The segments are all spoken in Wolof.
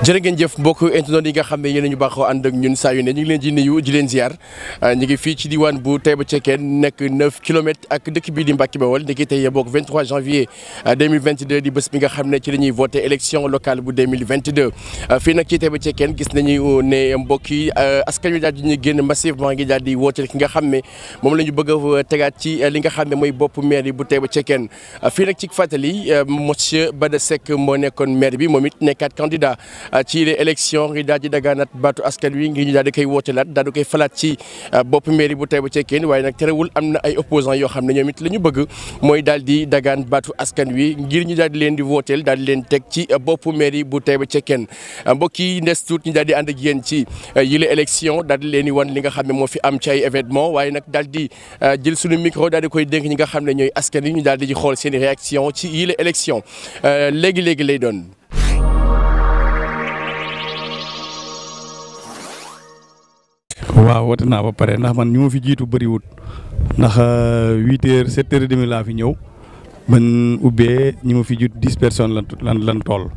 jërë ngeen jëf mbokk internet yi nga xam ne yéen ñu baaxoo ànd ak ñun saa yu ne ñu ngi leen di nuyu di leen ziar ah, ñu ngi fii ci diwaan bu Taïba Cekkeen nekk 9 kilomètres ak dëkk bii di Mbàkke Bawol ni tey bokk 23 janvier 2022 ah, di bi nga xam ne ci la ñuy voté élection locale bu 2022 ah, fii nag ci Taïba Cekkeen gis nañu ne mbokk yi askan wi daal di ñuy génn massivement ngi daal di woote ki nga xam ne moom la ñu bëgg a tegaat ci li nga xam ne mooy bopp maire yi bu Taïba Cekkeen fii nag ci fàttali ba Bada Seck moo nekkoon maire bi moom it nekkaat candidat ci les élections daal di dagaanaat baatu askan wi ngir ñu daal di koy wootelaat daal koy falaat ci bopp mairie bu Taïba Cekkeen waaye nag terewul am na ay yoo xam ne ñoom it ñu bëgg mooy daal di dagaan baatu askan wi ngir ñu daal di leen di wooteel daal leen teg ci bopp mairie bu Taïba Cekkeen mbokk yi ndes tuut daal di ànd yéen ci yile élection daal leen di wan li nga xam ne moo fi am ci ay événement waaye nag daal di jël suñu micro daal di koy dénk ñi nga xam ne ñooy askan yi ñu daal di xool seen réaction ci yile élection léegi-léegi lay doon waaw woote naa ba pare ndax man ñu ma fi jiitu bëriwut ndax euh, huit heures sept heures et demi laa fi ñëw man ubbee ñu ma fi jiitu dix personnes lan lan lan toll.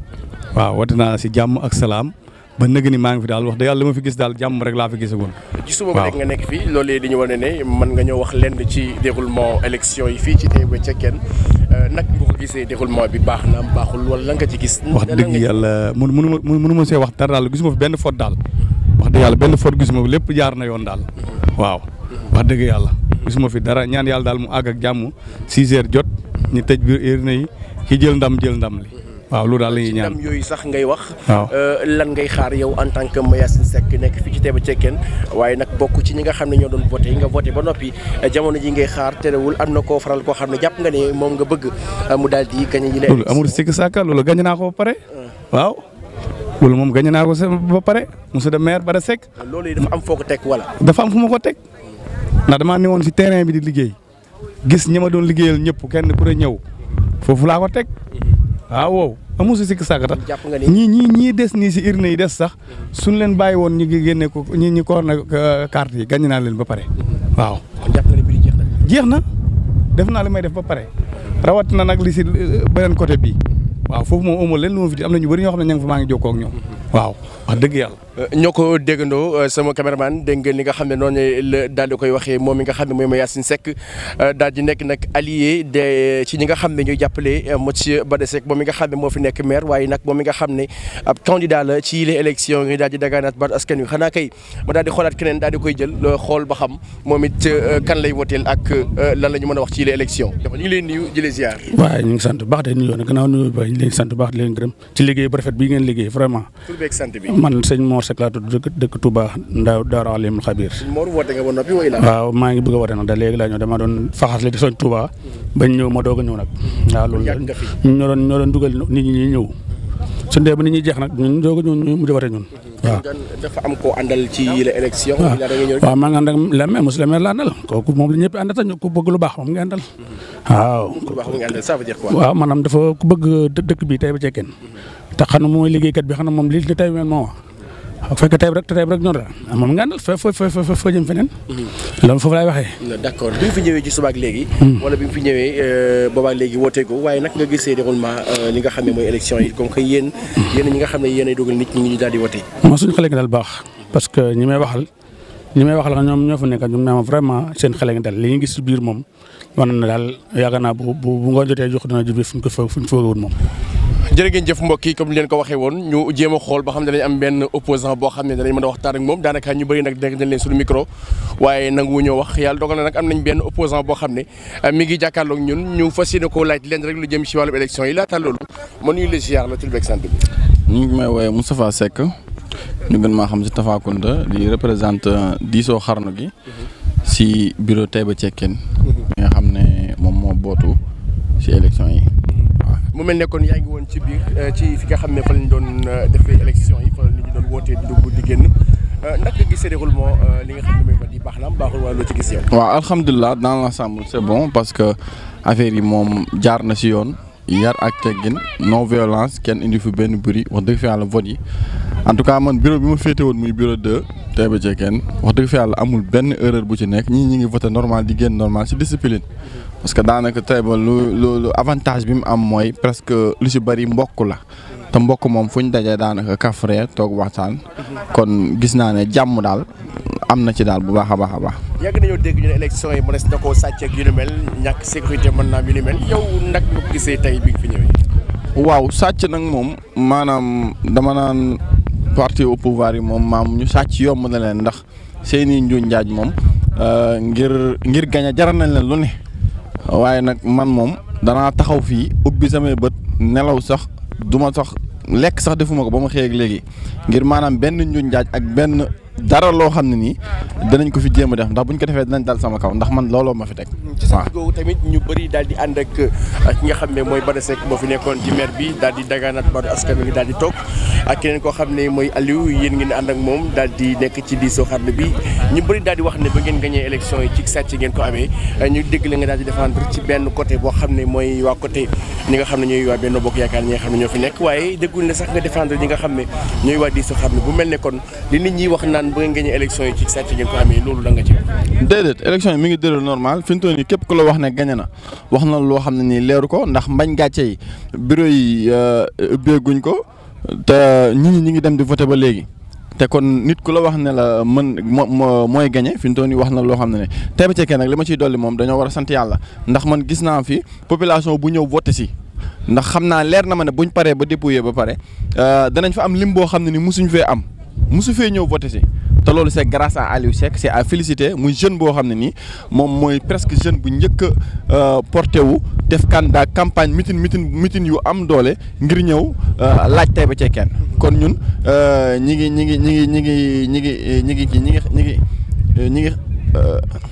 waaw woote naa si jàmm ak salaam ba nëgg ni maa ngi fi daal wax dëgg yàlla li fi gis daal jàmm rek laa fi gisagul. waaw ci suba ba rek nga nekk fii loolee dañu wane ne mën nga ñëw wax lenn ci déroulement élection yi fii ci Taïba euh, nag nga ko gisee déroulement bi baax na baaxul wala la nga ci gis. wax dëgg yàlla mënu mënu ma mënu see wax dara daal gisuma fi benn faute daal. wax dëgg yàlla benn faute gisuma fi lépp jaar na yoon daal waaw wax dëgg yàlla gisuma fi dara ñaan yàlla daal mu àgg ak jàmm six heures jot ñu tëj biir na yi ki jël ndam jël ndam li waaw loolu daal la ñaan yooyu sax ngay wax. Euh, lan ngay xaar yow en tant que Mayacine sekk nekk fii ci Taïba Cekkeen waaye nag bokk ci ñi nga xam ne ñoo doon voté yi nga voté ba noppi jamono ji ngay xaar terewul am na koo faral koo xam ne jàpp nga ne moom nga bëgg mu daal di gañ yi. amul naa ko ba loolu moom gañe naa ko sa ba pare monsieur le maire ba Seck. Ah, loolu dafa am foo ko teg wala. dafa am fu ma ko teg ndax damaa ne woon si terrain bi di liggéey gis ñi ma doon liggéeyal ñëpp kenn ku ne ñëw foofu laa ko teg mhm. ah, waaw amu si sikk sàkkata ñii ñii ñii des nii si urne yi des sax mhm. suñ leen bàyyi woon ñu génne ko ñi ñu koor na carte yi gañe naa leen ba pare mhm. waaw. jeex na def naa li may def ba pare rawatina nag li si eh, beneen côté bii. waaw foofu moom amul lu ma fi am na ñu bëri ñoo xam ne ña nga maa ngi jokkoo ak mm-hmm. waaw wax dëgg Euh, ñoo ko déggandoo euh, sama caméraman dégg ngeen li nga xam ne noonu daal di koy waxee moom mi nga xam ne mooy Yacine Seck euh, daal di nekk nag allié de ci nga xam ne ñooy jàppale monsieur Bada Seck moom ne moo fi nekk maire waaye nag moom mi nga xam ne ab candidat la ci les élections yi daal wi xanaa kay ma daal keneen daal di koy jël xool ba xam it kan lay ak lan la ñu mën a wax ci les élections. ñu leen nuyu sant bu baax de nuyoo bi baax di leen gërëm liggéey bu rafet bi ngeen liggéey vraiment. tur sant bi man sëñ Mor Seck laa tudd dëkk dëkk Touba Ndao Daara Alim Xabir. Mor woote nga ba noppi wala. waaw maa ngi bëgg a woote nag da léegi laa ñëw dama doon faxas li di soñ Touba. bañ ñëw ma doog a ñëw nag. waaw loolu la ñoo doon ñoo doon dugal nit ñi ñuy ñëw. su dee ba nit ñi jeex nag ñun doog a ñëw ñu mujj a woote ñun. waaw dafa am koo àndal ci yile élection. waaw maa ngi la maire monsieur le maire ku bëgg lu moom nga àndal. waaw waaw maanaam dafa ku bëgg dëkk bi tey ba cekkeen te xanaa mooy liggéeykat bi xanaa moom li li tey moom waaw fekk tey rek tey rek noonu la moom nga àndal fa fa jëm feneen. Mm-hmm. loolu foofu laay waxee. d' bi nga fi ñëwee ci suba léegi. Mm. wala bi nga fi ñëwee euh, boobaag léegi wootee ko waaye nag nga gisee déroulement euh, li nga xam ne mooy élection yi comme que yéen mm. ñi nga xam ne yéen ay dogal nit ñi ñu daal di wote. moom suñu xale dal baax parce que ñi waxal ñi may waxal ñoom ñoo fa nekk ñoom naa ma vraiment seen xale nga dal li ñu gis biir moom wax na ne daal yaakaar bu bu nga jotee jox dana jublu jërë ngeen jëf mbokk yi comme leen ko waxee woon ñu jéem xool ba xam ne dañ am benn opposant boo xam ne danañ mën a waxtaan ak moom daanaka ñu bëri nag dégg nañ leen suñu micro waaye nangu ñoo wax yàlla dogal na nag am nañ benn opposant boo xam ne ah, mi ngi jàkkaarloog ñun ñu fas yéene koo laaj leen rek lu jëm ci wàllum élection yi laata loolu man ñu la ziar la tur beeg sant bi ñu ngi may woowee ñu gën maa xam ci Tafakounda di représente diisoo xarnu gi ci bureau Taïba Cekkeen mhm. nga xam ne moom moo bootu ci élection yi mu mel ne kon yaa ngi woon ci biir euh, ci fi nga xam ne fa lañ doon euh, defee élection yi fa lañ doon wootee di dugg di génn euh, ndax li nga xam ne mooy di baax na am baaxul wala loo ci gis yow. waaw alhamdulilah dans l'ensemble c'est bon parce que affaire yi moom jaar na si yoon. yar ak teggin non violence kenn indi fi benn bruit wax dëgg fi yàlla vote yi en tout cas man bureau bi ma féete woon muy bureau de Taïba Cekkeen wax dëgg fi yàlla amul benn erreur bu ci nekk ñii ñi ngi voté normal di génn normal si discipline. parce que daanaka Taïba lu lu avantage bi mu am mooy presque lu si bëri mbokk la. te mbokk moom fu ñu dajee daanaka kafre toog waxtaan. kon gis naa ne jàmm daal am na ci daal bu baax a baax a baax. yàgg nañoo dégg ñu ne élection yi mënees na koo sàcc ak yu ni mel ñàkk sécurité mën naa yu ni nag ñu gisee tey bi fi waaw sàcc nag moom maanaam dama naan parti au pouvoir yi moom maam ñu sàcc yomb na leen ndax seeni njuuñ njaaj moom euh, ngir ngir gañ a jaral nañ leen lu ne waaye nag man moom danaa taxaw fii ubbi samay bët nelaw sax duma sax lekk sax defuma ko ba ma xëy léegi ngir maanaam benn njuuñ njaaj ak benn. dara loo xam ne nii danañ ko fi jéem a def ndax buñ ko defee danañ dal sama kaw ndax man looloo ma fi teg. Mm, ci sa di ànd ak ki nga xam ne mooy Bada Seck moo fi nekkoon ci maire bi daal di dagaanaat baatu askan xam ne mooy Aliou yéen ngeen ànd ak moom daal di nekk ci diisoo xarnu bi ñu bëri daal di wax ne ba ngeen gañee élection yi ci sàcc ngeen ko amee ñu dégg la nga daal di défendre ci benn côté boo xam ne mooy waa côté ñi nga xam ne ñooy waa Benno Bokk Yaakaar ñoo fi nekk waaye déggul ne sax nga défendre ñi nga xam ne ñooy waa diisoo xarnu bu mel ne kon li nit ñi wax naan bëgg ngeen ñu élection yi ci sàcc ngeen ko mi ngi déroul normal fi mu toll nii képp ku ne gañe wax na loo xam ne nii leeru ko ndax mbañ gàcce yi bureau yi euh, ubbeeguñ ko te ñi ñi ngi dem di voté ba léegi. te kon nit ku la wax ne la mën moo mooy gañe fi mu toll nii wax na loo xam ne ne tey ba ceekee nag li ma ciy dolli moom dañoo war a sant yàlla ndax man gis naa fi population bu ñëw voté si. ndax xam naa leer na ma ne buñ paree ba dépouillé ba pare euh, danañ fa am lim boo xam ne ni musuñ fee am. mosu fee ñëw voté si te loolu c' est grâce à Aliou Seck c' à félicité muy jeune boo xam ne nii moom mooy presque jeune bu njëkk a euh, porté wu def candidat campagne mitin mitin mitin yu am doole ngir ñëw euh, laaj tey ba kenn kon ñun euh, ñi ngi ñi ngi ñi ngi ñi ngi ñi ngi ñi ngi ñi ngi ñi ngi ñi ngi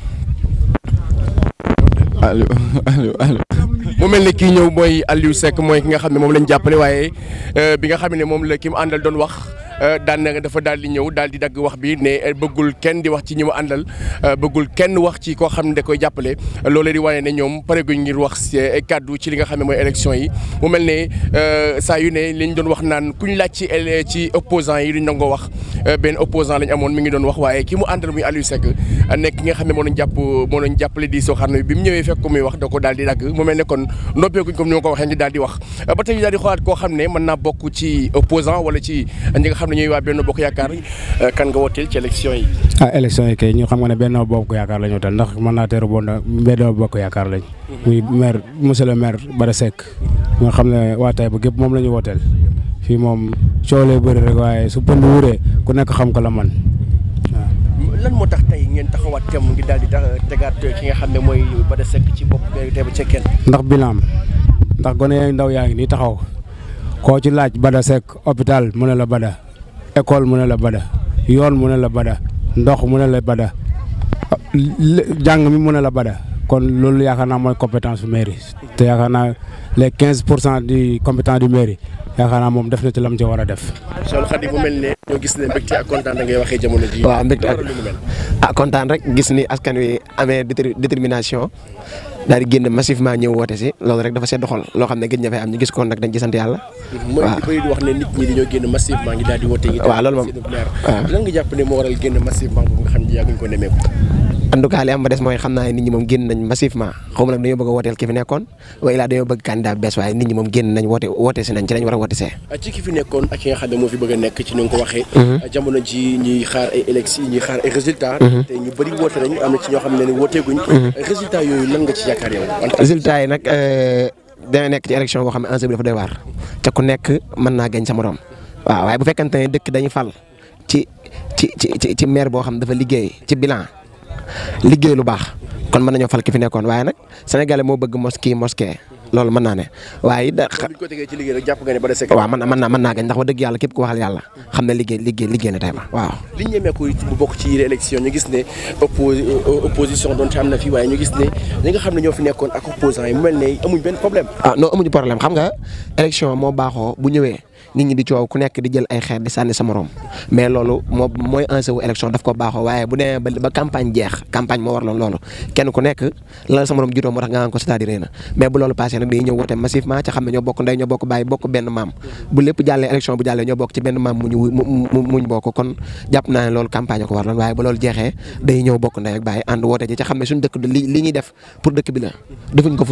Aliou mu mel ne kii ñëw mooy Aliou sekk mooy ki nga xam ne moom lañ jàppale waaye euh, bi nga xam ne moom la ki àndal doon wax euh, daan na dafa daal di ñëw daal di dagg wax bi ne euh, bëggul kenn di wax ci ñi àndal bëggul kenn wax ci koo xam ne da koy jàppale loolee di wane ne ñoom pare guñ ngir wax kàddu ci li nga xam ne mooy élection yi mu mel ne saa yu ne liñ doon wax naan kuñ laaj ci ci opposant yi duñ nangoo wax Euh, benn opposant lañ amoon mi ngi doon wax waaye ki mu àndal muy Aliou Seck euh, nekk ki nga xam ne moo ko muy wax da ko daal di dagg euh, naa bokk ci opposant wala ci ñi nga xam ne ñooy waa benn bokk yaakaar kan nga wooteel ci élection yi ah élection yi xam nga ne benn bokk yaakaar la ñu naa teeru bon benn bokk yaakaar lañ mhm. muy maire monsieur Bara Seck nga xam ne waa Taïba gépp moom la ñu wooteel fii moom coolee bëri rek waaye su pënd wuree ku nekk xam ko la man lan moo tax tey ngeen taxawaat tem ngi daal di tegaat ki nga xam ne mooy Bada Seck ci bopp tey ba cekkeen ndax bilan ndax gone yaa ndaw yaa ngi ni taxaw koo ci laaj Bada Seck hôpital mu a la Bada école mu ne la Bada yoon mu ne la Bada ndox mu ne la Bada jàng mi mu ne la Bada kon loolu yaakaar naa mooy compétence bu mairie te yaakaar naa les quinze pour cent du compétence du mairie yaakaar naa moom def na ci lam ci war a def. Soxna Khady bu mel ne ñoo gis ne kontaan da ngay waxee jamono ah, kontaan rek gis ni askan wi amee génn massivement ñëw woote si loolu rek dafa sedd xol loo xam ne gëj na fay am ñu gis ko nag dañ ci sant yàlla. waaw loolu moom lan jàpp ne moo waral génn massivement bu nga xam ne yàgguñ ko nemmeeku en tout cas li am ba des mooy xam naa ne nit ñi moom génn nañ massivement xaw ma nag dañoo bëgg a wooteel ki fi ci xam ne mhm. mhm. ne wooteeguñ mhm. lan nga ci yaakaar yi nag euh, dana nekk ci élection boo xam ne enjeu bi dafa ku nekk mën naa gañ sa morom waaw waaye bu fekkante ne dëkk dañ fal ci ci ci maire boo xam dafa liggéey ci bilan liggéey lu baax kon mën nañoo fal ki fi nekkoon waaye nag sénégalais moo bëgg moski moskee loolu mën naa ne waaye da waaw mën naa mën naa gañ ndax wax dëgg yàlla képp ku waxal yàlla xam ne liggéey liggéey liggéey na tey ba waaw li ñu ñemee ko bu bokk ci yile élection ñu gis ne euh, opposition doon ci am na fii waaye ñu gis ne ñi nga xam ne ñoo fi nekkoon ak opposant yi mu mel ne amuñ benn problème ah non amuñu problème xam nga élection moo baaxoo bu ñëwee nit ñi di coow ku nekk di jël ay xeer di sànni sa mais loolu mooy enjeu élection daf ko baaxoo waaye bu demee ba campagne jeex campagne moo warloon loolu kenn ku nekk la sa morom moo tax nga naan ko cest à mais bu loolu passé nag dañuy ñëw woote massivement ci xam ne ñoo bokk ndey ñoo bokk ci benn maam mu ñu mu ñu bokk kon jàpp naa ne loolu campagne ko warloon waaye bu loolu jeexee dañuy ñëw bokk ndey ak bàyyi ànd woote ji ci xam ne suñu dëkk li li ñuy def pour dëkk bi la defuñ ko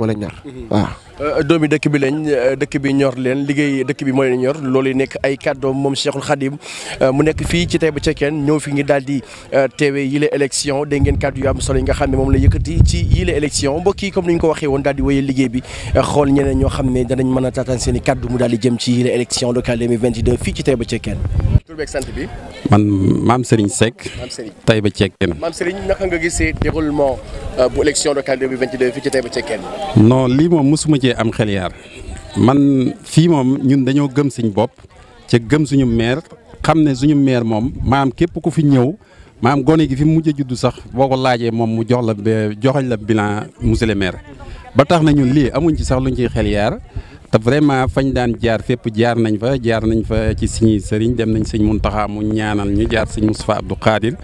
moo leen ñor mhm. waaw. Euh, doomi dëkk bi lañ euh, dëkk bi ñor leen liggéey dëkk bi moo leen ñor loolu nekk ay kàddoom moom Cheikhul Khadim euh, mu nekk fii ci Taïba Cekkeen ñëw fi ngi daal di teewee yile élection dégg ngeen kàddu yu am solo yi nga xam ne moom la yëkkati ci yile élection mbokk yi comme ni ñu ko waxee woon daal di liggéey bi xool ñeneen ñoo xam ne danañ mën a taataan seen i kàddu mu daal di jëm ci yile élection locale 2022 fii ci Taïba tur beeg sant bi. man maam Serigne Seck. maam Serigne Taïba Cekkeen. maam Serigne naka nga gisee déroulement euh, bu élection locale 2022 fii ci Taïba Cekkeen. non lii moom mosuma cee am xel yaar man fii moom ñun dañoo gëm suñ bopp ca gëm suñu maire xam ne suñu maire moom maam képp ku fi ñëw. maam gone gi fi mu mujj a judd sax boo ko laajee moom mu jox la joxañ la bilan monsieur le maire ba tax na ñun lii amuñ ci sax luñ ciy xel te vraiment fañ daan jaar fépp jaar nañ fa jaar nañ fa ci suñuy sëriñ dem nañ sëñ Muntaxa mu ñaanal ñu jaar sëñ Moustapha Abdou Khadir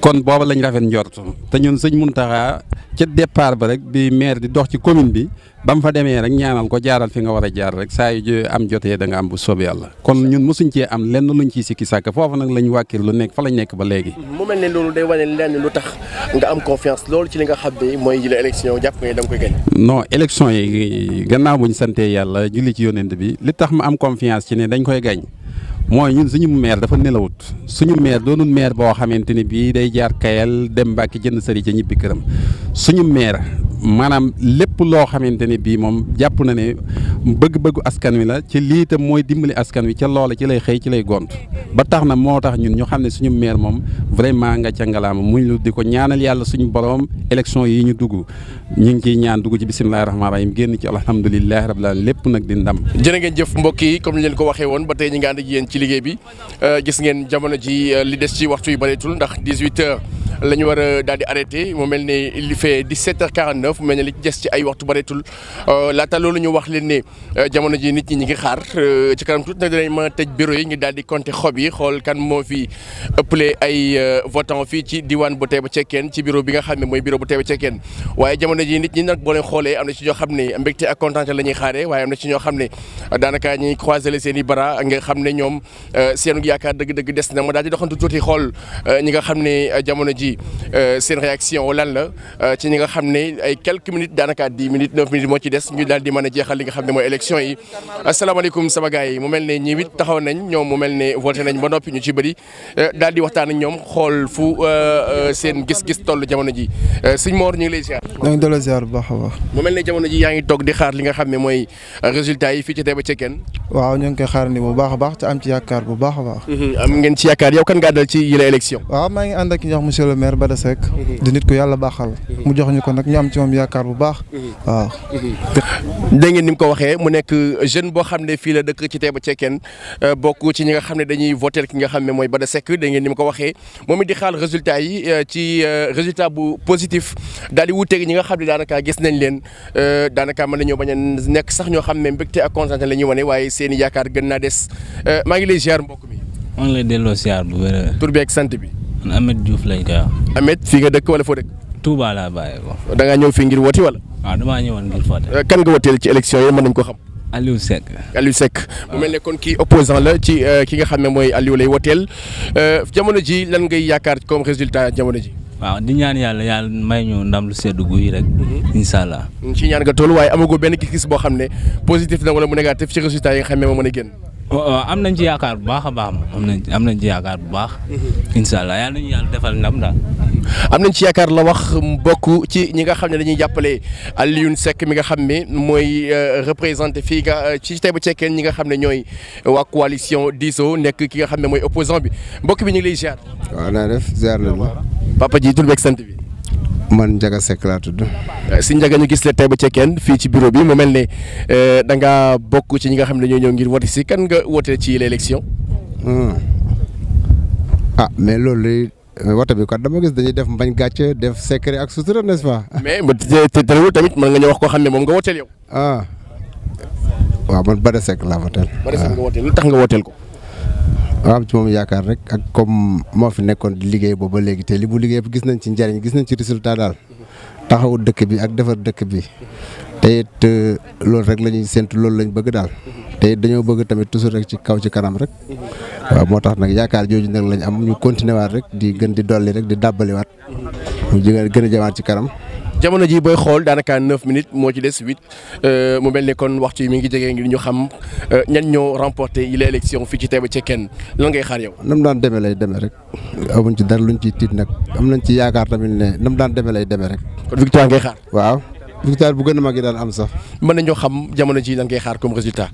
kon booba lañ rafet njort te ñun sëñ Muntaxa ca départ ba rek bi maire di dox ci commune bi ba mu fa demee rek ñaanal ko jaaral fi nga war a jaar rek saa yu am jotee da nga am bu soob yàlla kon ñun mosuñ cee am lenn luñ ciy sikki sàkk foofu nag lañ wàkkir lu nekk fa lañ nekk ba léegi mu mel ne loolu day lu tax nga am confiance loolu ci li nga xam ne mooy jëlee élection jàpp nga da nga koy gañ non élection yi gannaaw buñ santee yàlla julli ci yónent bi li tax ma am confiance ci ne dañ koy gañ mooy ñun suñu maire dafa nelawut suñu meer doonul maire boo xamante ni bii day jaar kayal dem mbàkki jënd sëri ca ñibbi këram suñu maire maanaam lépp loo xamante ni bii moom jàpp na ne bëgg-bëggu askan wi la ci lii itam mooy dimbali askan wi ca loola ci lay xëy ci lay gont ba tax na moo tax ñun ñu xam ne suñu maire moom vraiment nga ca ngalaama muñ lu di ko ñaanal yàlla suñu borom élection yi ñu dugg ñu ngi ci ñaan dugg ci bisimilahi rahmaani rahim génn ci alhamdulilahi rabbil alamin lépp nag di ndam jërë ngeen jëf mbokk yi comme ni leen ko waxee woon ba tey ñi nga ànd ak yéen ci liggéey euh, gis ngeen jamono ji euh, li des ci waxtu yu bareetul ndax 18 heures la ñu war a daal di arrêté mel ne il fait 17h49 mu mel ne li des ci ay waxtu bareetul euh, laata loolu ñu wax leen ne euh, jamono ji nit ñi ñu ngi xaar euh, ci kanam tuuti nag dinañ mën a bureau yi ngi daal di compter xob yi xool kan moo fi ëppale ay votant fii ci diwaan bu Taïba Cekkeen ci bureau bi nga xam ne mooy bureau bu Taïba Cekkeen waaye jamono ji nit ñi nag boo leen xoolee am na ci ñoo xam ne mbégte ak a la ñuy xaaree waaye am na ci ñoo xam ne daanaka ñuy croiser les seen i bras nga xam ne ñoom seenu yaakaar dëgg-dëgg des na ma daal di doxantu tuuti xool ñi nga xam ne jamono ji yi euh, seen réaction lan la euh, ci ñi nga xam ne ay quelques minutes daanaka dix minutes neuf minutes moo ci des ñu daal di mën a jeexal li nga xam ne mooy élection yi asalaamaaleykum sama gars yi mel ne ñi taxaw nañ ñoom mu mel ne voté nañ ba noppi ñu ci bëri euh, daal di waxtaan ak ñoom xool fu seen gis-gis toll jamono ji sëñ Mor ñu lay ziar. baax a baax. mu mel ne jamono ji yaa ngi toog di xaar li nga xam ne mooy résultat yi fii ci Taïba Cekkeen. waaw a a le ba de Seck di nit ku yàlla baaxal mu jox ñu ko nag ñu am ci moom yaakaar bu baax waaw dégg ngeen ni mu ko waxee mu nekk jeune boo xam ne fii la dëkk ci Taïba Cekkeen euh, bokk ci ñi nga xam ne dañuy voter ki nga xam ne mooy Bada Seck dégg ngeen ni mu ko waxee moom it di xaar yi euh, ci euh, résultat bu positif daal di wuuteeg ñi nga xam ne daanaka gis nañ leen daanaka mën nañoo bañ a nekk sax ñoo xam ne mbégte ak contenté la ñuy wane waaye seeni i yaakaar gën naa des maa ngi lay ziar mbokk mi maa ngi lay delloo ziar bu wér bi ak sant bi Ameth Diouf lañ koy wax. Ameth nga dëkk wala fo dëkk. Touba laa bàyyee ko. da ngaa ñëw fii ngir woti wala. waaw damaa ñëwoon ngir foote. Euh, kan nga woteel ci élection yi mën nañ ko xam. Aliou Seck. Aliou Seck mu mel ne kon kii opposant la ci euh, ki nga xam ne mooy Aliou lay woteel euh, jamono ji lan ngay yaakaar comme résultat jamono ji. waaw di ñaan yàlla yàlla may ñu ndam lu seddu guy rek. Mhm. incha ci ñaan nga toll waaye amagoo benn gis-gis boo xam ne positif na wala mu négatif ci a génn. waaw am nañ ci yaakaar bu baax a baax am nañ am nañ ci yaakaar bu baax. Mhm. incha allah yàlla nañu yàlla defal ndam daal. am nañ ci yaakaar la wax bokk ci ñi nga xam ne dañuy jàppale Alioune sekk mi nga xam ne mooy euh, représenté fii nga euh, ci Taïba Cekkeen ñi nga xam ne ñooy waa coalition Diso nekk ki nga xam ne mooy opposant bi mbokk bi ñu ngi lay ziar. waaw naa def papa ji tur beeg sant bi. man Ndiaga Seck laa tudd. Euh, si Ndiaga ñu gis la tey ba cekkeen fii ci bureau bi mu mel ne euh, da nga bokk ci ñi nga xam ne ñoo ñëw ngir wote si kan nga wote ci l'élection. Hmm. ah mais loolu euh, wote bi kat dama gis dañuy def mbañ gàcce def secret ak sutura nest pas. mais te terewul tamit mën nga ñëw wax koo xam ne moom nga woteel yow. ah waaw man Bada Seck laa woteel. Bada Seck nga ah. lu tax nga woteel ko. am ci moom yaakaar rek ak comme moo fi nekkoon di liggéey booba léegi te li bu liggéey gis nañ ci njariñ gis nañ ci résultat daal taxawu dëkk bi ak defar dëkk bi te it euh, loolu rek lañuy ñuy loolu lañ bëgg daal te dañoo bëgg tamit toujours rek ci kaw ci kanam rek waaw moo tax nag yaakaar jooju nag lañ am ñu continuer rek di gën di dolli rek di dàbbaliwaat mu gën a jëmaat ci kanam jamono ji booy xool daanaka neuf minutes moo ci des huit euh, mu mel ni kon waxtu yi mi ngi jege ngir ñu xam euh, ñan ñoo remporté yi la élection fii ci Taïba kenn lan ngay xaar yow. nam daan demee lay demee rek amuñ ci dara luñ ciy tiit nag am nañ ci yaakaar tamit ne nam daan demee lay demee rek. kon victoire ngay xaar. waaw victoire bu gën a mag yi daan am sax. mën ñoo xam jamono ji lan ngay xaar comme résultat.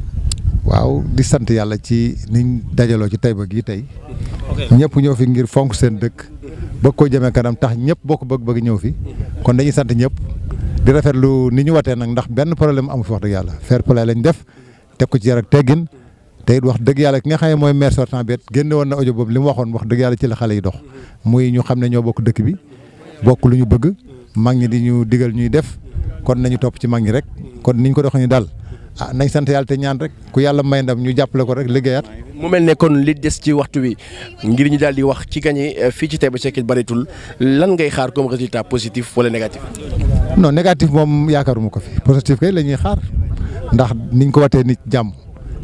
waaw di sant yàlla ci niñ dajaloo ci Taïba gi tey. ñëpp ñoo fi ngir fonk seen dëkk. bëgg koo jëmee kanam tax ñëpp bokk bëgg-bëgg ñëw fi kon dañuy sant ñëpp di lu ni ñu watee nag ndax benn problème amu fi wax dëgg yàlla fair play lañ def teg ko ci yar teggin te wax dëgg yàlla ki nga xam ne mooy maire sortant bi génne woon na audio boobu li mu waxoon wax dëgg yàlla ci la xale yi dox muy ñu xam ne ñoo bokk dëkk bi bokk lu ñu bëgg mag ñi di ñu digal ñuy def kon nañu topp ci mag ñi rek kon niñ ko doxee ni daal ah nañ sant yàlla te ñaan rek ku yàlla may ndam ñu jàppale ko rek liggéeyaat. mu mel ne kon li des ci waxtu wi ngir ñu daal di wax ci gagné eh, fii ci Taïba Cekkeen baritul lan ngay xaar comme résultat positif wala négatif. non négatif moom yaakaaruma ko fi positif kay la ñuy xaar ndax niñ ko watee nit jàmm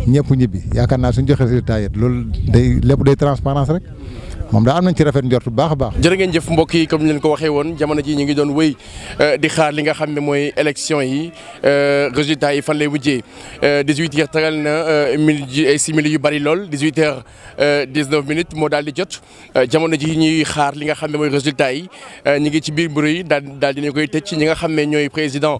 ñëpp ñibbi yaakaar naa suñ joxe résultat yi loolu day lépp day transparence rek. moom daal am nañ rafet njort bu a baax. jërë ngeen jëf mbokk yi comme ni leen ko waxee woon jamono ji ñu ngi euh, di xaar li nga xam ne mooy élection yi euh, résultat yi fan lay mujjee 18 euh, heures tegal na minutes ay simili yu bari lool 18 heures 19 minutes moo daal di jot jamono ji ñuy xaar li nga xam ne mooy résultat yi ñu ngi ci biir bureau yi daal daal dinañ koy tëj ñi nga xam ne ñooy président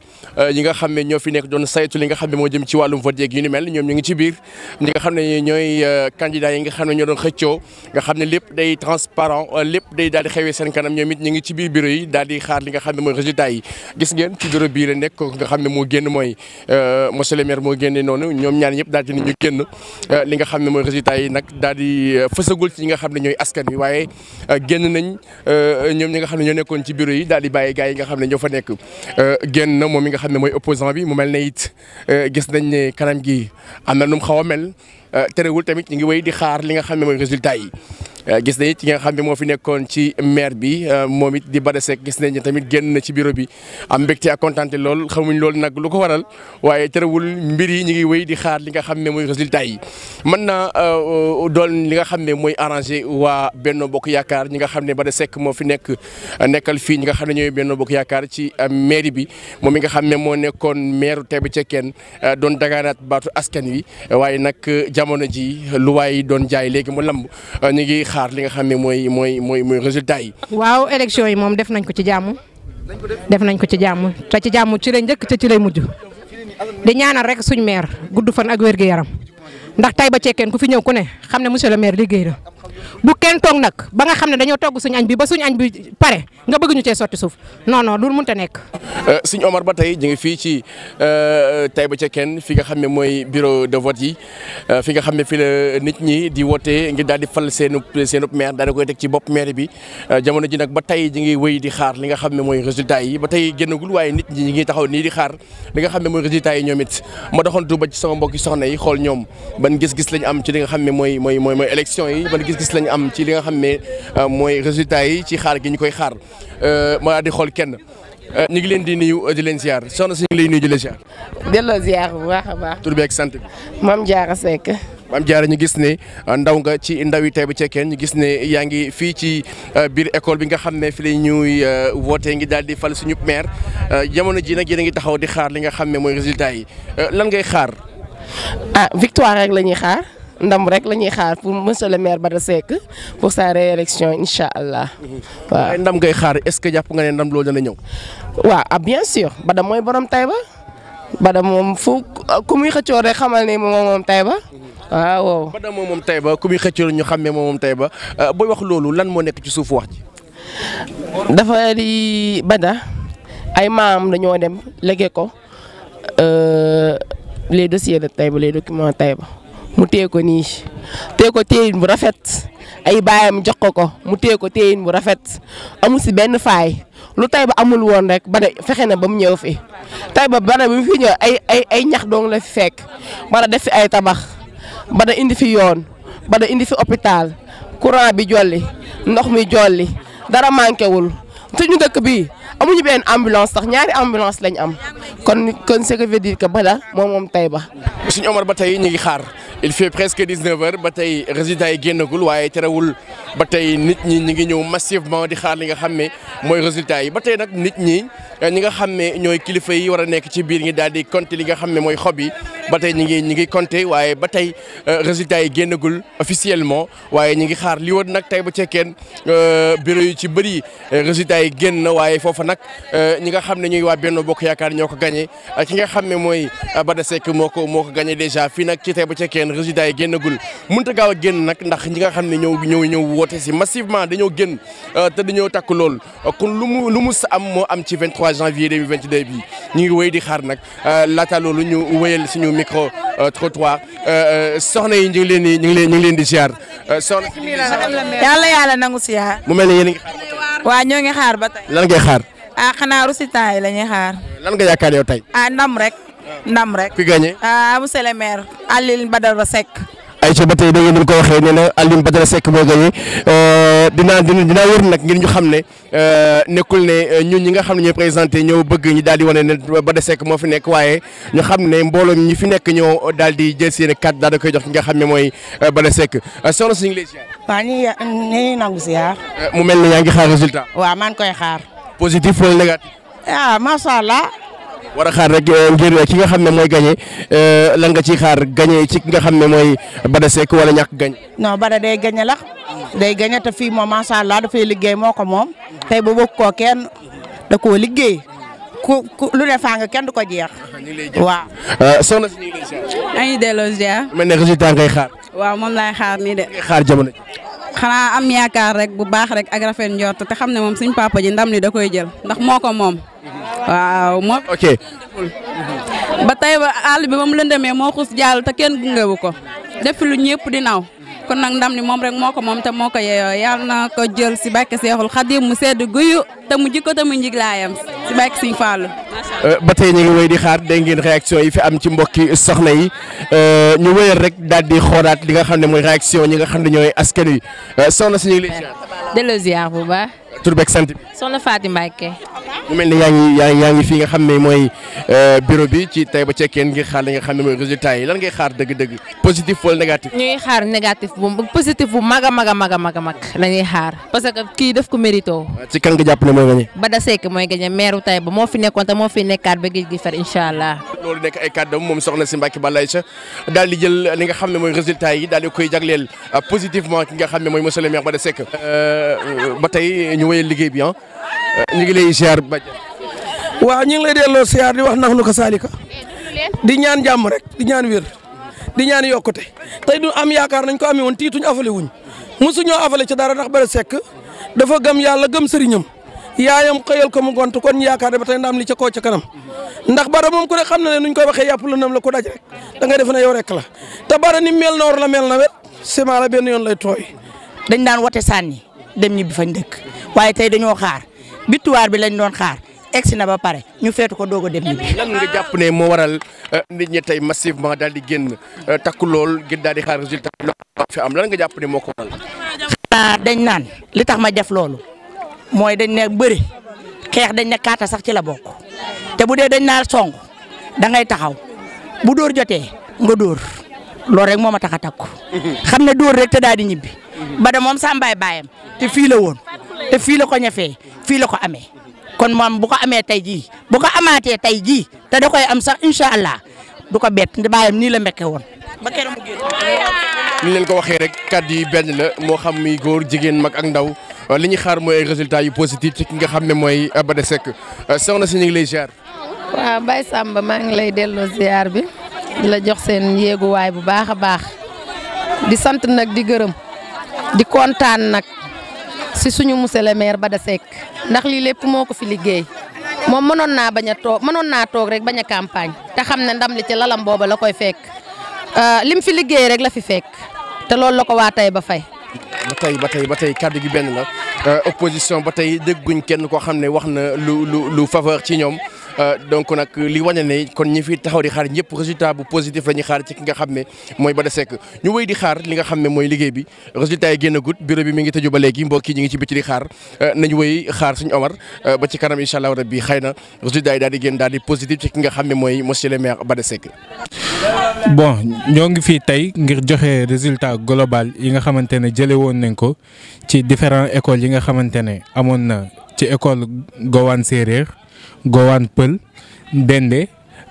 ñi nga xam ne ñoo fi nekk doon saytu li nga xam ne moo jëm ci wàllum vote yeeg yu ni ñoom ñu ngi ci biir ñi nga xam ne ñooy candidat yi nga xam ne ñoo doon xëccoo nga xam ne lépp day transparent euh, lépp day daal di xewee seen kanam ñoom it ñu ngi ci biir bureau yi daal di xaar li nga xam ne mooy résultat yi gis ngeen ci bureau bii la nekk kooku nga xam ne moo génn mooy euh, monsieur le maire moo génne noonu ñoom ñaar ñëpp daal di ñu euh, nga xam ne mooy résultat yi nag daal di fësagul ci ñi nga xam ne ñooy askan bi waaye génn nañ ñoom ñi nga xam ne ñoo nekkoon ci bureau yi daal di bàyyi gars yi nga xam ne ñoo fa nekk génn na moom i nga xam ne mooy opposant bi mu mel ne it gis nañ ne kanam gi am na nu mu xaw a mel terewul tamit ñu ngi wéy di xaar li nga xam ne mooy résultat yi Eh, gis nañ ci nga xam ne moo fi nekkoon ci maire bi eh, moom it di Bada Seck gis nañ tamit génn na ci bureau bi am te ak kontaan lool xamuñ loolu nag lu ko waral waaye terewul mbir yi ñu ngi wéy di xaar li nga xam ne mooy résultat yi. mën na eh, doon li nga xam ne mooy arrangé waa benn Bokk Yaakaar ñi nga xam ne Bada sekk moo fi nekk nekkal fii ñi nga xam ne ñooy benn Bokk Yaakaar ci maire bi moom mi nga xam ne moo nekkoon maire Taïba Cekkeen doon dagaanaat baatu askan wi waaye nag jamono ji doon jaay léegi mu xaar li nga xam ne mooy mooy mooy mooy résultat yi. waaw élection yi moom def nañ ko ci jàmm def nañ ko ci jàmm te ci jàmm ci lay njëkk te ci lay mujj di ñaanal rek suñ meer gudd fan ak wér yaram ndax tay ba cekkeen ku fi ñëw ku ne xam ne monsieur le maire liggéey na bu kenn toog nag ba nga xam ne dañoo togg suñu añ bi ba suñu añ bi pare nga bëgg ñu cee sotti suuf non non loolu mënut a nekk. Euh, sëñ Omar ba tey ñu ngi fii ci ba ca kenn fi nga xam ne mooy bureau de vote yi euh, fi nga xam ne fi la nit ñi di wootee ngir daal di fal seen seen maire daal di koy teg ci bopp maire bi euh, jamono ji nag ba tey ñu ngi wéy xaar li nga xam ne mooy résultat yi ba tey génnagul waaye nit ñi ñu ngi taxaw nii di xaar li nga xam ne mooy résultat yi ñoom it ma doxantu ba ci sama mbokki soxna yi xool ñoom ban gis-gis lañ am ci li nga xam ne mooy mooy mooy élection yi lañ li nga xam ne euh, mooy résultat yi ci xaar gi ñu koy xaar euh, ma di xool kenn euh, ñu ngi leen di nuyu di leen ziar soxna si ñu ngi lay nuyu di leen ziar. delloo ziar bu baax sant bi. Mame Diarra Seck. Mame Diarra ñu gis ne ndaw nga ci ndaw yi Taïba Cekkeen ñu gis ne yaa ngi fii ci biir école bi nga xam ne fi la ñuy wootee ngi daal di fal suñu maire jamono ji ne yéen a ngi taxaw di xaar li nga xam ne mooy résultat yi lan ngay xaar. Ah, ndam rek la ñuy xaar pour monsieur le maire Bada Seck pour sa réélection incha allah. Mm-hmm. waaw ndam ngay xaar est-ce que jàpp nga ne ndam loolu dana ñëw. waaw a ah, bien sûr Bada mooy borom Taïba Bada moom fu ah, ku muy xëccoo rek xamal ne moom moom Taïba mm-hmm. waaw. Bada moom moom Taïba ku muy ñu xam ne moom moom Taïba ah, booy wax loolu lan moo nekk ci suufu wax ji. dafa di Bada ay maam dañoo dem légué ko euh, les dossiers de Taïba les documents Taïba. mu téye ko nii téye ko téyin bu rafet ay baayam jox ko ko mu téye ko téyin bu rafet amul si benn faay lu tay Taïba amul woon rek ba fexe na ba mu ñëw fi Taïba ba bi fi ñëw ay ay ay ñax doong la fi fekk ba def fi ay tabax ba indi fi yoon ba indi fi hôpital courant bi jolli ndox mi jolli dara manqué wul ñu dëkk bi amuñu benn ambulance sax ñaari ambulance lañ am kon kon ce que veut dire que moom moom Taïba. Serigne Omar ba tey ñu ngi xaar il fait presque 19 heures ba tey résultats yi génnagul waaye terewul ba tey nit ñi ñu ngi ñëw massivement di xaar li nga xam ne mooy résultats yi ba tey nag nit ñi. Eh, ñi nga xam ne ñooy kilifa yi war a nekk ci biir ñi daal di compter li nga xam ne mooy xob yi ba tey ñi ngi ñi ngi compter waaye ba tey eh, résultat yi génnagul officiellement waaye ñi ngi xaar li woon nag tey ba cekkeen eh, bureau yu ci bëri résultat yi génn waaye foofa nag ñi nga xam ne ñuy waa benn Bokk Yaakaar ñoo ko gagné ki nga xam ne mooy Bada Seck moo ko moo ko gagné déjà fii nag ci tey ba cekkeen résultat yi génnagul mun a gaaw a génn nag ndax ñi nga xam ne ñëw ñëw ñëw woote si massivement dañoo génn te dañoo takk lool kon lu mu lu mu am moo am ci 3 janvier 2022 bi ñu ngi di xaar nag euh, laata loolu ñu wéyal suñu micro euh, trottoir euh, soxna yi ñu ngi leen di ñu ngi leen ñu ngi leen di ziar. soxna yàlla yàlla nangu si yaar. mu mel ne yéen a ngi xaar. waaw ñoo ngi xaar ba tey. lan ngay xaar. ah xanaa résultat yi la ñuy xaar. lan nga yaakaar yow tey. ah ndam rek. ndam rek. ku gagné. ah monsieur le maire Alioune Badara Seck. Aïcha ba tey da ngeen ko waxee nee na Alioune Badara Seck moo gagné dinaa euh, dina dinaa wër ngir ñu xam ne euh, nekkul ne euh, ñun ñi nga xam ne ñooy présenté ñoo bëgg ñu daal di wane ne Badara Seck moo fi nekk waaye ñu xam ne mbooloo ñu fi nekk ñoo daal di jël seen i kàddu daal koy jox ki nga xam ne mooy Badara Seck soxna si ñu ngi lay ziar. waaw ñu ngi nangu mu mel ne ñaa ngi xaar résultat. waaw maa ngi koy xaar. positif wala négatif. ah macha war a xaar rek euh, ngir ki nga xam ne mooy gagné euh, langa nga ciy xaar gagné ci ki nga xam ne mooy Bada seek wala ñàkk gañ non Bada day gagné lax day gagné te fii moom macha allah dafay liggéey moo ko moom tey ba bëgg koo kenn da koo liggéey ku ku lu ne faa nga kenn du ko jeex. waaw. Euh, soxna si ñu ngi lay ziar. maa ngi delloo ziar. mel xaar. waaw moom laay xaar nii de. xaar jamono ji. xanaa am yaakaar rek bu baax rek ak rafet njort te xam ne moom suñ papa ji ndam li da koy jël ndax moo ko moom. waaw moom. ok. ba tey ba àll bi ba mu lëndëmee moo xus jàll te kenn gungewu ko def lu ñëpp di naaw kon nag ndam ni moom rek moo ko moom te moo ko yeyoo yàlla na ko jël si bàkk Seexul Xadim mu sedd guyu te mu jikko te mu njiglaayam si bàkk Sëñ Fallu euh, ba tey ñu ngi wéy di xaar dégg ngeen réaction yi fi am ci mbokki soxna yi euh, ñu wéyal rek daal di xoolaat li nga xam ne mooy réaction ñi nga xam ne ñooy askan wi euh, soxna si ñu ngi lay ziar. delloo tur soxna Faati Mbacke. mu mel ni yaa ngi fi nga xam ne mooy euh, bureau bi ci Taïba Cekkeen ngir xaar nga xam ne mooy résultat yi lan a a nga jàpp ne mooy gagné. Bada daal di jël li nga xam ne mooy résultat yi daal di koy jagleel euh, positivement ki nga xam ne mooy monsieur le maire Bada euh, ba tey ñu mooy liggéey bi ah euh, ñu ngi lay ziar Badiane. waaw ñu ngi lay delloo ziar di wax nax nu ko ka di ñaan jàmm rek di ñaan wér di ñaan yokkute tey du am yaakaar nañ ko amee woon tiituñ afale wuñ mosuñoo afale ci dara ndax Bara Seck dafa gëm yàlla gëm sëriñam yaayam xëyal ko mu gont kon yaakaar ne ba tey ndam li ca koo ca kanam ndax bara moom ku ne xam na ne nuñ koy waxee yàpp la nam la ko daj rek da ngay def ne yow rek la te bara ni mel noor la mel nawet siment la benn yoon lay to dañ daan wote dem ñibbi fañ dëkk waaye tey dañoo xaar bituwaar bi lañ doon xaar egsi na ba pare ñu feetu ko doog a dem ñibbi. lan nga jàpp ne moo waral euh, nit ñi tey massivement daal di génn euh, takku lool ngir daal di xaar résultat bi fi am lan nga jàpp ne moo ko waral. xanaa dañ naan li tax ma def loolu mooy dañ ne bëri xeex dañ ne kaata sax ci la bokk te bu dee dañ naa song da taxaw bu dóor jotee nga dóor. loolu rek moom ma tax a takku. xam ne door rek te daal di ñibbi. ba da moom Sambaay baayam te fii la woon te fii la ko ñafee fii la ko amee kon moom bu ko amee tey jii bu ko amaatee tey jii te da koy am sax incha allah du ko bett ndi baayam nii la mbekke woon ba keroog mu génn. ni leen ko waxee rek kàddu yi benn la moo xam muy góor jigéen mag ak ndaw li ñu xaar mooy résultat yu positif ci ki nga xam ne mooy Bada Seck soxna si ñu ngi lay ziar. waaw Baye Samba maa ngi lay delloo ziar bi. di la jox seen yéeguwaay bu baax a baax di sant nag di gërëm di kontaan nag si suñu monsieur le maire Bada Seck ndax lii lépp moo ko fi liggéey moom mënoon naa bañ a toog mënoon naa toog rek bañ a campagne te xam ne ndam li ci lalam booba la koy fekk euh, lim fi liggéey rek la fi fekk te loolu la ko waa tey ba fay. ba tey ba tey ba tey kàddu gi benn la euh, opposition ba tey dégguñ kenn koo xam ne wax na lu lu lu faveur ci ñoom. Euh, donc nag li wane ne kon ñi fi taxaw di xaar ñëpp résultat bu positif la ñuy xaar ci ki nga xam ne mooy Bada Seck ñu wéy di xaar li nga xam ne mooy liggéey bi résultat yi génnagut bureau bi mi ngi tëju ba léegi mbokk yi ñu ngi ci biti di xaar euh, nañu wéy xaar suñu Omar euh, ba ci kanam incha allah rabbi xëy na résultat yi daal di génn daal di positif ci ki nga xam ne mooy monsieur le maire Bada Seck bon ñoo ngi fii tey ngir joxe résultat global yi nga xamante ne jële woon nañ ko ci différent école yi nga xamante ne amoon na ci école Gowaan Séeréer Gowaan Pël Ndende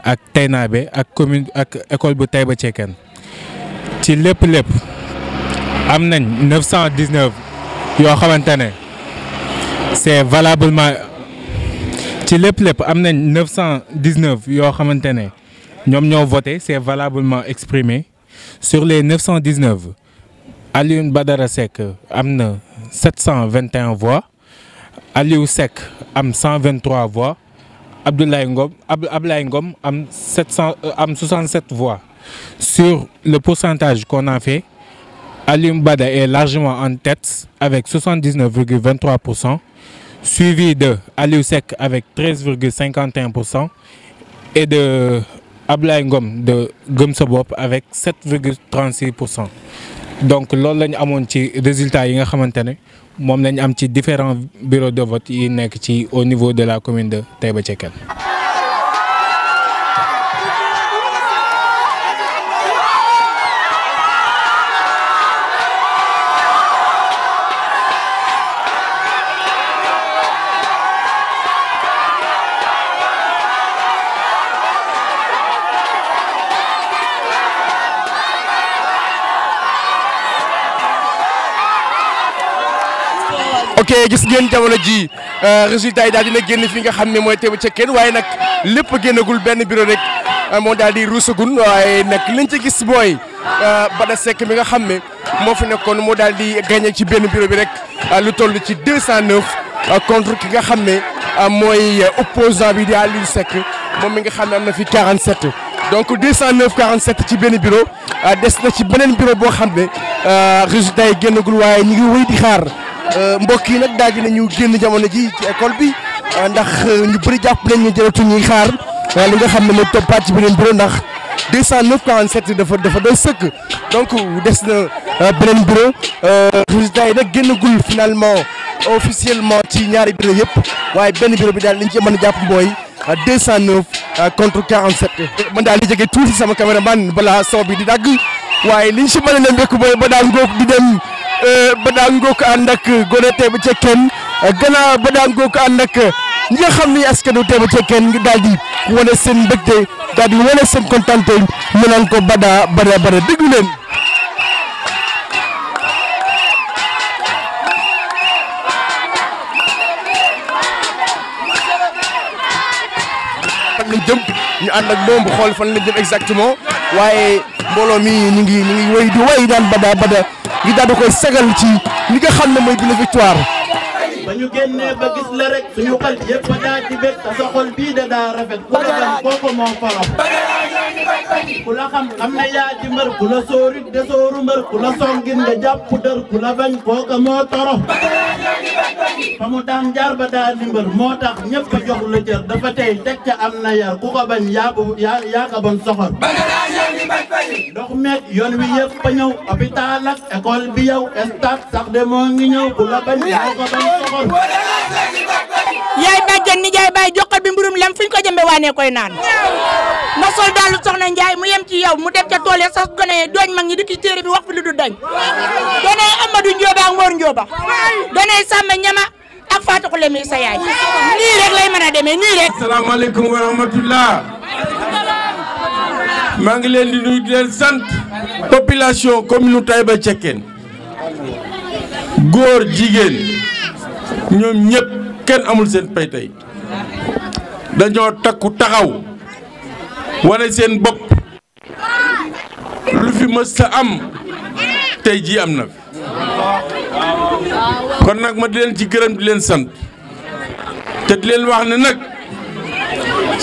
ak Taynaabe ak commune ak école bu tey ba Cekkeen ci lépp lépp am nañ 919 yoo xamante ne c'est valablement ci lépp lépp am nañ 919 yoo xamante ne ñoom ñoo voté c'est valablement exprimé sur les 919 Alioune Badara Seck am na 721 voix Aliou Seck am 123 voix Abdoulaye Ngom Abdoulaye Ngom am 700 euh, am 67 voix sur le pourcentage qu'on a fait Alioune Bada est largement en tête avec 79,23 pour cent suivi de Aliou Seck avec 13,51 pour cent et de Abdoulaye Ngom de Gëm Sa Bopp avec 7,36 pour cent donc loolu la amoon ci résultats yi nga xamante ne moom nañ am ci différents bureaux de vote yi nekk ci au niveau de la commune de Taïba Cekkeen ok gis ngeen jamono ji euh, résultat yi daal dina génn fi nga xam ne mooy teebu cekkeen waaye nag lépp génnagul benn bureau rek euh, moo daal di ruusagun waaye nag liñ ci gis mooy euh, Bada sekk mi nga xam ne moo fi nekkoon moo daal di gagné ci benn bureau bi rek lu toll ci 209 contre ki nga xam ne mooy opposant bi di Aliou sekk moom mi nga xam ne am na fi 47 donc 209 47 ci benn bureau des na ci beneen bureau boo xam ne résultat yi génnagul waaye ñu ngi wéy di xaar. Euh, mbokk yi nag daaj nañu génn jamono ji ci école bi euh, ndax euh, ñu bëri jàpp nañ ñu jaratu ñuy xaar li nga xam ne mooy toppaat ci beneen bureau ndax 209 47 dafa dafa doy sëkk donc des na beneen bureau résultat yi nag génnagul finalement officiellement ci ñaari bureau yëpp waaye benn bureau bi daal li ñu ci mën a jàpp mooy 209 contre 47. man daal di jege tuuti sama caméraman balaa son bi di dagg waaye li ñu si mën a nemmeeku ba daal ngoog di dem. Eh, Badang Ngok ànd ak gone Teba Cekkeen eh, gannaaw Badang Ngok ànd ak ñi nga xam ni askanu Teba Cekkeen daal di wane seen mbégte daal di wane seen kontante ñu ko Bada Bada Bada déglu leen. fan lañ jëm ñu ànd ak moom bu xool fan lañ jëm exactement waaye mbooloo mi ñu ngi ñu ngi wéy di way daan Bada Bada. ñu daal di koy sagal ci li nga xam ne mooy bi la victoire. ba ñu génnee ba gis la rek suñu xol yëpp daa ci bég te sa xol bii da daa rafet. ku defal kooku moo faram. ku la xam xam na yaa di mbër ku la sóorit de sóoru mbër ku la songin nga jàpp ku la bañ kooka moo toro fa mu daan jaar ba daan di mbër moo tax ñëpp a jox la jër dafa tey teg ca am na yar ku ko bañ yaa ko yaa ko bon soxor ndox meeg yoon wi yëpp a ñëw hôpital ak école bi sax de moo ngi ñëw ku la bañ yaa bañ soxor yaay bàjjen ni yaay bi mburum lem fuñ ko jëmbe waane koy naan na sol daal sa soxna Ndiaye mu yem ci yow mu dem ca tool ya sax gone dooñ mag ñi di téere bi wax fi lu du dañ gone Amadou Ndioba ak Mor Ndioba gone Samba Ñama ak Fatou Xulemi sa yaay nii rek lay mën a demee nii rek asalaamaaleykum wa rahmatullah maa ngi leen di nuyu di sant population commune Taïba Cekkeen góor jigéen ñoom ñëpp kenn amul seen pay tey dañoo takku taxaw wane seen bopp lu fi mës a am tey jii am na kon nag ma di leen ci gërëm di leen sant te di leen wax ne nag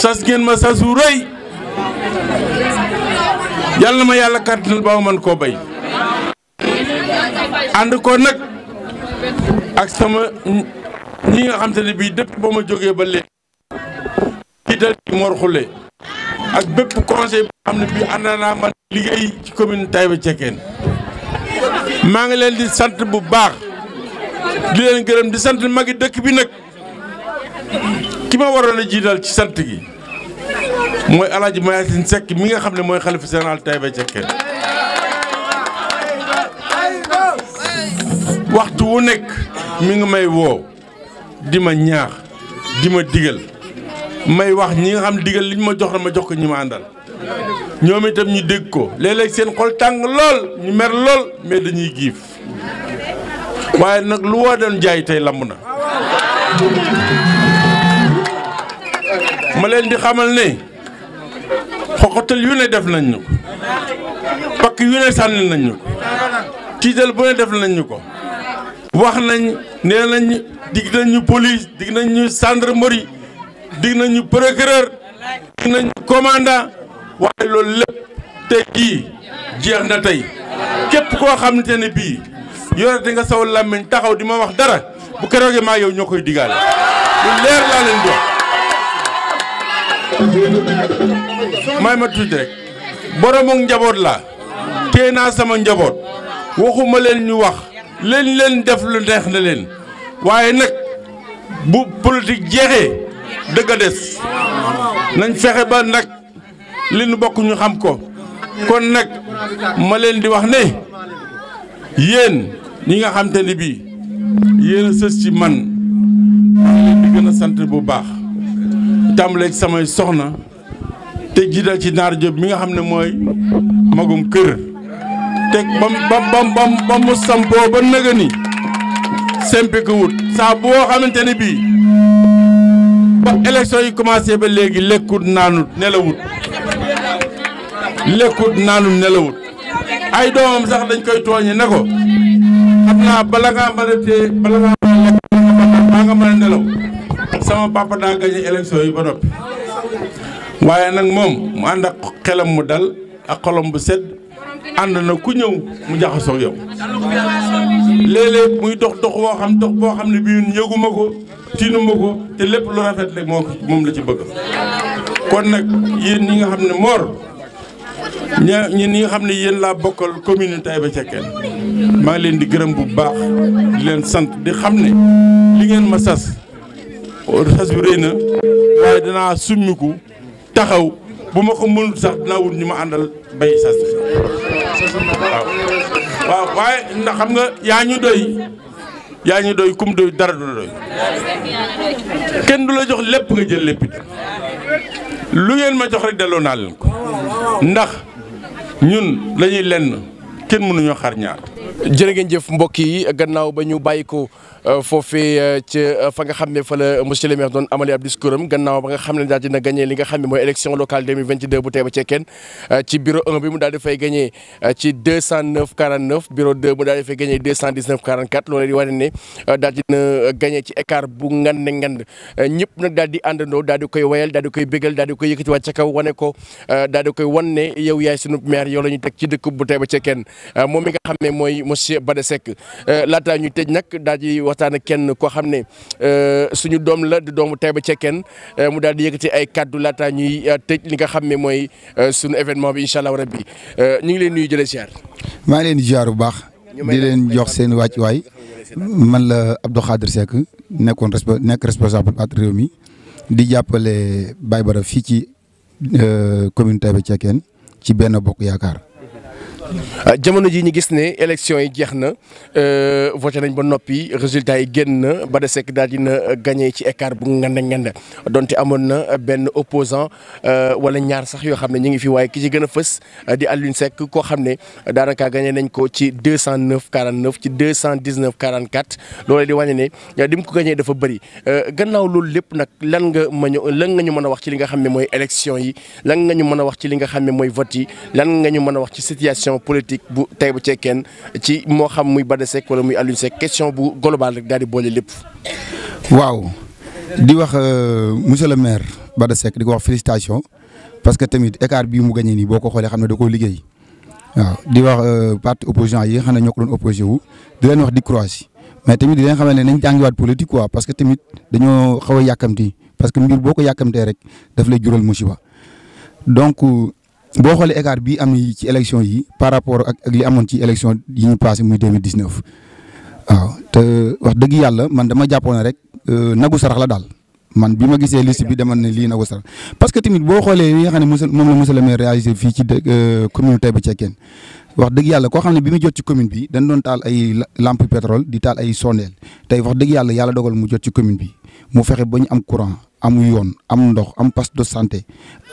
sas ngeen ma sasu rëy yàlla ma yàlla kàttanal ba ma mën koo bay ànd ko nag ak sama ñi nga xam te ne bii dëpp ba ma jógee ba léegi jiital ci Mor ak bépp conseil boo xam ne bii ànd naa man liggéey ci commune ba Cekkeen maa ngi leen di sant bu baax di leen gërëm di sant magi dëkk bi nag ki ma waroon a jiital ci sant gi mooy El Hadj Mayacine Seck mi nga xam ne mooy xalifa général Taïba Cekkeen waxtu wu nekk mi ngi may woo di ma ñaax di ma digal. may wax ñi nga xam digal liñ ma jox na ma jox ko ñi ma àndal ñoom itam ñu dégg ko léeg seen xol tàng lool ñu mer lool mais dañuy giif waaye nag lu woo doon jaay tey lamb na ma leen di xamal ne xoxotal yu ne def nañ ñu ko pakk yu ne sànni nañ ñu ko tiital bu ne def nañ ñu ko wax nañ nee nañ digg nañ ñu police dig nañ ñu gendarmerie dig nañu procureur dig nañu commandant waaye loolu lépp te jii jeex na tey képp koo xamante ne bii yorete nga saw làmmiñ taxaw di ma wax dara bu keroogee maa yow ñoo koy digaale lu leer laa leen jox may ma tuuti rek boromog njaboot la tee naa sama njaboot waxuma leen ñu wax leen leen def lu neex na leen waaye nag bu politique jeexee dëgg des nañ fexe ba nag li nu bokk xam ko kon nag ma leen di wax ne yéen ñi nga xam te ni bii yéen a sës ci man leen di gën sant bu baax tàmbaleeg samay soxna te jiital ci naar Jóob mi nga xam ne mooy magum kër te ba ba ba mu sampoo ba nëga ni ko wut saa boo xamante ni bii élection yi commencé ba léegi lekkut naanut nelawut lekkut naanut nelawut ay doomam sax dañ koy tooñe ne ko xam naa bala ngaa mën a téye bala ngaa mën a lekk bala nga mën nelaw sama papa daa gañe élection yi ba noppi waaye nag moom mu ànd ak xelam mu dal ak xolom bu sedd ànd na ku ñëw mu jaxasoo yow léeg-léeg muy dox dox woo xam dox boo xam ne bii yëguma ko tiinuma ko te lépp lu rafet rek moo moom la ci bëgg kon nag yéen ñi nga xam ne Mor ñi ni nga xam ne yéen laa bokkal commune ba Cekkeen maa ngi leen di gërëm bu baax di leen sant di xam ne li ngeen ma sas sas bi rëy na waaye danaa summiku taxaw bu ma ko mënul sax dinaa wut ñu ma àndal bay sas waaw waaye ndax xam nga yaa ñu doy yaa ñu doy kum doy dara du la doy kenn du la jox lépp nga jël lépp lu ngeen ma jox rek delloo naa leen ko ndax ñun lañuy lenn kenn mënuñoo xar ñaar. jërë mbokk yi gannaaw ba ñu bàyyi ko. Euh, foofee euh, ca euh, fa nga xam ne fa la monsieur le maire doon amali ab discours am gannaaw ba nga xam ne daal na gagné li nga xam ne mooy élection locale 2022 bu Taïba Cekkeen ci bureau 1 bi mu daal di fay gagné ci 209 49 bureau daal di fay gagné ci écart bu ngand ngand ñëpp nag daal di àndandoo daal di koy wayal daal di koy bégal daal di koy yëkkati waat ca kaw wane ko daal di koy wan ne yow yaay sunu maire yow la teg ci dëkk bu Taïba Cekkeen moom mi nga xam ne mooy monsieur Bada Seck laataa waxtaan ak kenn koo xam ne euh, suñu doom la di doomu Taïba ceken euh, mu daal di yëkkati ay kaddu laataa ñuy euh, tëj li nga xam ne mooy suñu événement bi incha allah rabbi ñu ngi leen nuyu jëlee ziar. maa ngi leen di ziar bu baax. di leen jox seen wàccuwaay man la Abdou Khadir Seck nekkoon respo nekk responsable at réew mi di jàppale Baye Bara fii ci commune Taïba ceken ci benn bokk yaakaar. Ah, jamono ji ñu gis ne élection yi jeex na euh, vote nañ ba noppi résultat yi génn na Bada sekk daal dina euh, gagné ci écart bu nganda nganda donte amoon na euh, benn opposant wala ñaar sax yoo xam ne ñu ngi fi waaye ki ci gën a fës di Alioune Seck koo xam ne daanaka gagné nañ ko ci deux cent neuf quarante neuf ci cent dix neuf quarante quatre loolu di wàññi ne dim ko dafa bëri gannaaw loolu lépp nag lan nga mën a lan nga ñu mën a wax ci li nga xam ne mooy élection yi lan nga ñu mën a wax ci li nga xam ne mooy vote yi lan nga ñu mën a wax ci situation. politique bu tey bu cekkeen ci moo xam muy Bada Seck wala muy Alioune Seck question bu global rek daal boole lépp. waaw di wax euh, monsieur le maire Bada Seck di ko wax filistation parce que tamit écart bii mu gagné nii boo ko xoolee xam ne da koo liggéey di wax euh, parti opposition yi xam ne ñoo ko doon opposé wu di leen wax di croiser mais tamit di leen xamal ne nañ jàngiwaat politique quoi parce que tamit dañoo xaw a yàkkamti parce que mbir boo ko yàkkamtee rek daf lay jural musiba donc. Euh, boo xoolee écart bi am ci élection yi par rapport ak ak li amoon ci élection yi ñu passé muy 2019 waaw te wax dëgg yàlla man dama jàppoon rek euh, nagu sarax la daal man bi ma gisee liste bi dama ne lii nagu sarax parce que tamit boo xoolee li nga xam ne monsieur moom la monsieur le maire réalisé fii ci euh, commune Taïba Cekkeen wax dëgg yàlla koo xam ne bi mu jot ci commune bi dañ doon taal ay lampe pétrole di taal ay sondeel tey wax dëgg yàlla yàlla dogal mu jot ci commune bi mu fexe ba ñu am courant am yoon am ndox am poste de santé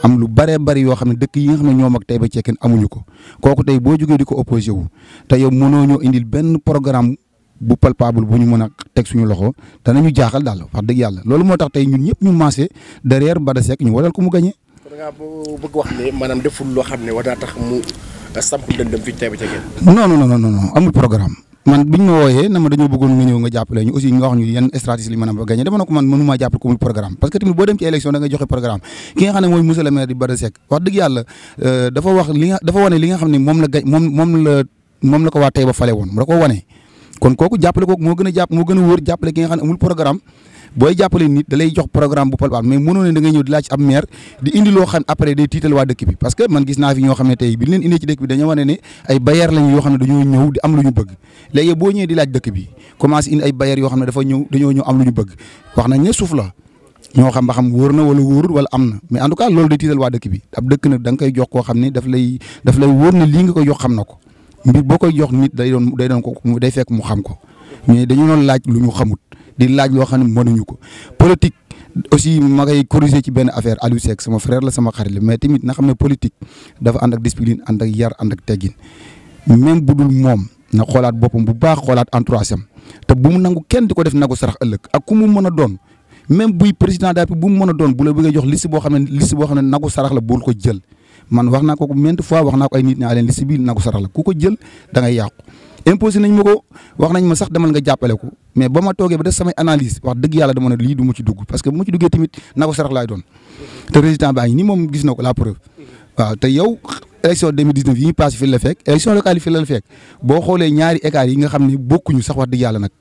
am lu bare bëri yoo xam ne dëkk yi nga xam ne ñoom ak ba Cekkeen amuñu ko kooku tey boo jógee di ko opposé wu te yow mënoo ñoo indil benn programme bu palpable bu ñu mën a teg suñu loxo dana ñu jaaxal daal wax dëgg yàlla loolu moo tax tey ñun ñëpp ñu maase derrière Bada Seck ñu waral ko mu gagné. kon nga bëgg wax ne deful loo xam ne war naa tax mu samp ndëndëm fii Taïba Cekkeen. non no no non non amul programme. man biñ ma wooyee na ma dañoo bëggoon nga ñëw nga jàppale aussi nga wax ñu yan stratégie li a ba gagné dama ne man mënumaa jàppale ko muy programme parce que tamit boo dem ci élection da joxe programme ki nga mooy monsieur di Bada Seck wax dëgg yàlla euh, dafa wax li dafa wane li nga xam ne moom la ga moom moom la moom la ko waa tey ba fale woon da ko wane kon kooku jàppale kooku moo gën a jàpp moo gën amul programme booy jàppale nit da lay jox programme bu palpable mais mënoo ne da ngay ñëw di laaj ab maire di indi loo xam après day tiital waa dëkk bi parce que man gis naa fi ñoo xam ne tey bi leen indee ci dëkk bi ay bailleur lañ dëkk bi commencé indi ay bailleur yoo xam ne dafa ñëw dañoo am lu ñu bëgg wax nañ ne suuf la ñoo xam ba xam wóor na wala wóorul wala am na mais en tout cas loolu day tiital waa dëkk bi ab dëkk nag da nga koy jox koo xam ne daf lay daf lay wóor ne lii nga koy jox xam na ko mbir boo koy jox nit day doon day doon ko mu xam ko mais dañu doon laaj lu ñu xamut di laaj loo xam ne ñu ko politique aussi ma koy corriger ci benn affaire Aliou sama frère la sama xarit la mais tamit na xam ne politique dafa ànd ak discipline ànd ak yar ànd ak teggin même bu dul moom na xoolaat boppam bu baax xoolaat entourage am te bu mu nangu kenn di ko def nagu sarax ëllëg ak ku mu mën a doon même buy président daal bu mu mën a doon bu la bëggee jox liste boo xam ne liste boo xam ne nagu sarax la bul ko jël man wax naa ko maintes fois wax naa ko ay nit ne leen liste bii nagu sarax ko jël da ngay imposé nañ ma ko wax nañ ma sax demal nga jàppale ko mais ba ma toogee ba def samay analyse wax dëgg yàlla dama ne du ma ci dugg parce que bu ma ci duggee tamit na ko sarax laay doon te résultat baa ngi nii moom gis na ko la preuve waaw te yow élection 2019 yi ñu passé fi la fekk élection locale yi fi la fekk boo xoolee ñaari écart nga xam ne bokkuñu sax wax dëgg yàlla nag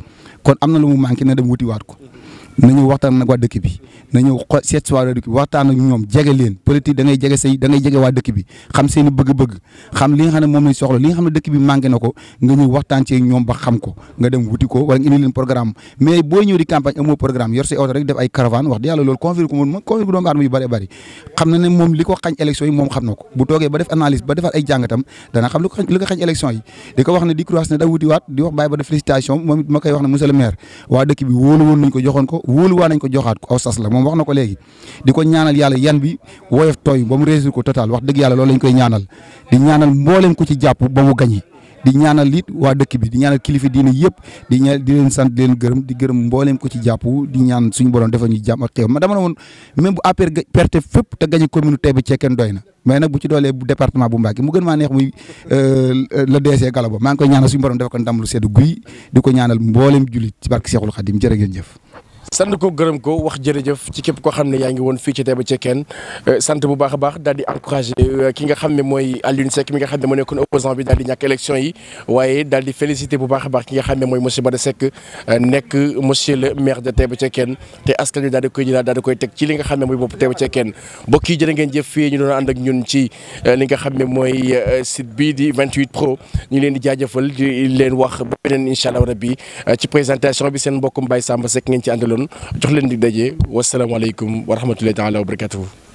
kon am na lu mu manqué na dem wuti waat ko na ñëw waxtaan nag waa dëkk bi na ñëw xo seet waa dëkk bi waxtaan ak ñoom jege leen politique da jege waa dëkk bi xam seen bëgg-bëgg xam li xam ne moom lañ soxla li xam ne dëkk bi manqué na nga ñëw waxtaan ci ñoom ba xam ko nga dem wuti ko wala nga indi leen programme mais boo ñëw di campagne amoo programme yor say rek def ay caravane wax di yàlla confirme ko moom confirme ko doomu aadama yu bëri bëri xam na ne moom li ko xañ wóoluwaa nañ ko joxaat ko aw sas la moom wax na ko léegi di ko ñaanal yàlla yan bi woyof tooy ba mu réussir ko total wax dëgg yàlla loolu lañ koy ñaanal di ñaanal mboolem ku ci jàpp ba mu gañi di ñaanal it waa dëkk bi di ñaanal kilifa diine yëpp di ña di leen sant leen gërëm di gërëm mboolem ko ci jàpp di ñaan suñu borom defal ñu jàmm ma dama ne woon même bu APR perte fépp te gañe commune Taïba Cekkeen doy na mais nag bu ci doolee bu Mbacké mu gën maa neex muy euh, le DC Gallo Ba maa suñu borom defal ko ndam lu sedd guy di ko ñaanal mboolem jullit ci barke Seexul Xadim jërë ngeen jëf sant ko gërëm ko wax jërëjëf ci képp koo xam ne yaa ngi woon fii ci Taïba Cekkeen euh, sant bu baax a baax daal di encouragé euh, ki nga xam ne mooy Alioune Seck mi nga xam ne moo nekkoon opposant bi daal di ñàkk élection yi waaye daal di félicité a baax ne mooy monsieur Bada Seck euh, nekk monsieur le maire de Taïba Cekkeen te askan wi daal di koy jëlaat teg ci li nga xam ne mooy bopp Taïba Cekkeen mbokk yi jërë ngeen jëf fii ñu doon ànd ak ñun li nga xam ne mooy site bii di 28 pro ñu leen di jaajëfal leen wax ba beneen incha allah rabbi ci présentation bi seen mbokkum Baye Samba Seck ngeen ci àndal loolu jox leen di daje wasalaamaaleykum wa rahmatulahi taala wa barakatuhu